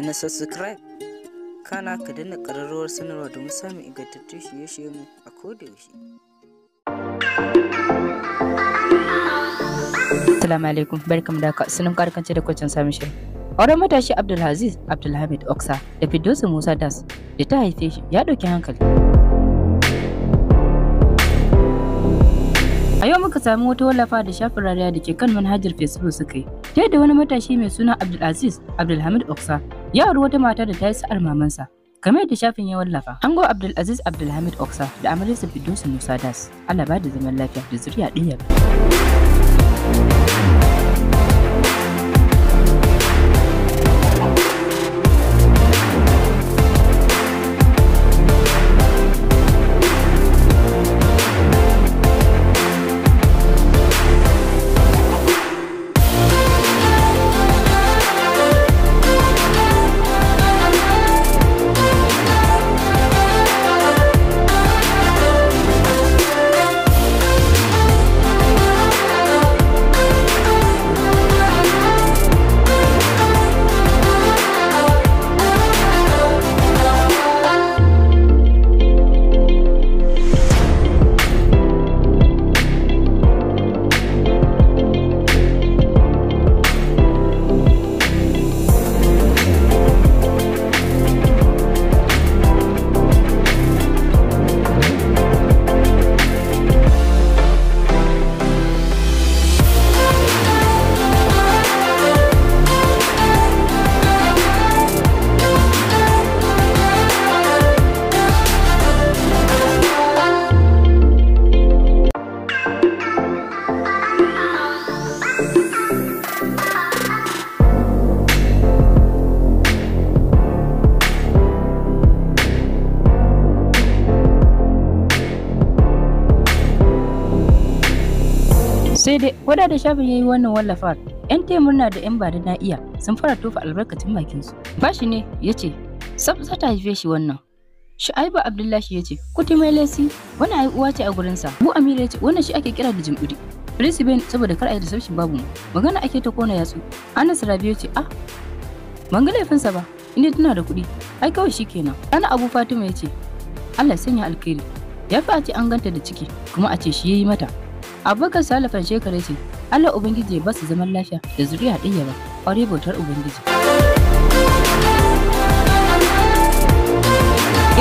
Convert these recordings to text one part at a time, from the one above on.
da na subscribe kana ka dana ƙararrawar sanarwa domin samun ingantattun shirye-shirye mu a kodayaushe. Assalamu alaikum barkam da ka sunan karkance da kwacin samun shi. Auren matashi Abdulhaziz Abdulhamid Oksa da Fidosu Musa Das da ta haife shi ya ɗauki hankali. A yau muka sami wata wallafa da shafin rariya da ke kan manhajar Facebook suka yi, ta yadda wani matashi mai suna Abdulaziz Abdulhamid Oksa ya wata mata da ta yi sa'ar mamansa kamar yadda shafin ya wallafa ango abdulaziz abdulhamid oksa da amaryarsa firdausi musa das allah ba da zaman lafiya da zuriya ɗin yaba sai dai wada da shafin yayi wannan wallafa. yan taya murna da yan bada na iya sun fara tofa albarkacin bakin su bashi ne yace sab za ta haife shi wannan Shu'aibu Abdullahi ya ce, Kuti mai lesi, wani ai uwa ce a gurinsa. mu Amira ya ce, wannan shi ake kira da prince ben saboda kar a yi reception babu mu. Magana ake ta kona yatsu. Anas Rabi ya ce, ah, ban ga laifinsa ba, inda tana da kuɗi. Ai kawai shi kenan. Ana Abu Fatima ya ce, Allah sanya alkhairi. Ya fi a ce an ganta da ciki, kuma a ce shi ya yi mata. abubakar salafan shekara ce allah ubangiji ya basu zaman lafiya da zuriya ɗaya ba ƙwarai bautar ubangiji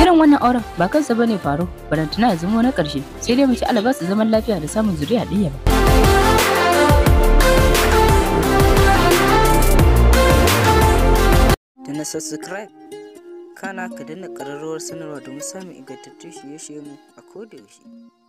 irin wannan auren ba kansa ba ne faro barantana ya zama na ƙarshe sai dai mace allah basu zaman lafiya da samun zuriya ɗaya ba da na subscribe kana ka dana ƙararrawar sanarwa domin samun ingantattun shirye-shirye mu a koda yaushe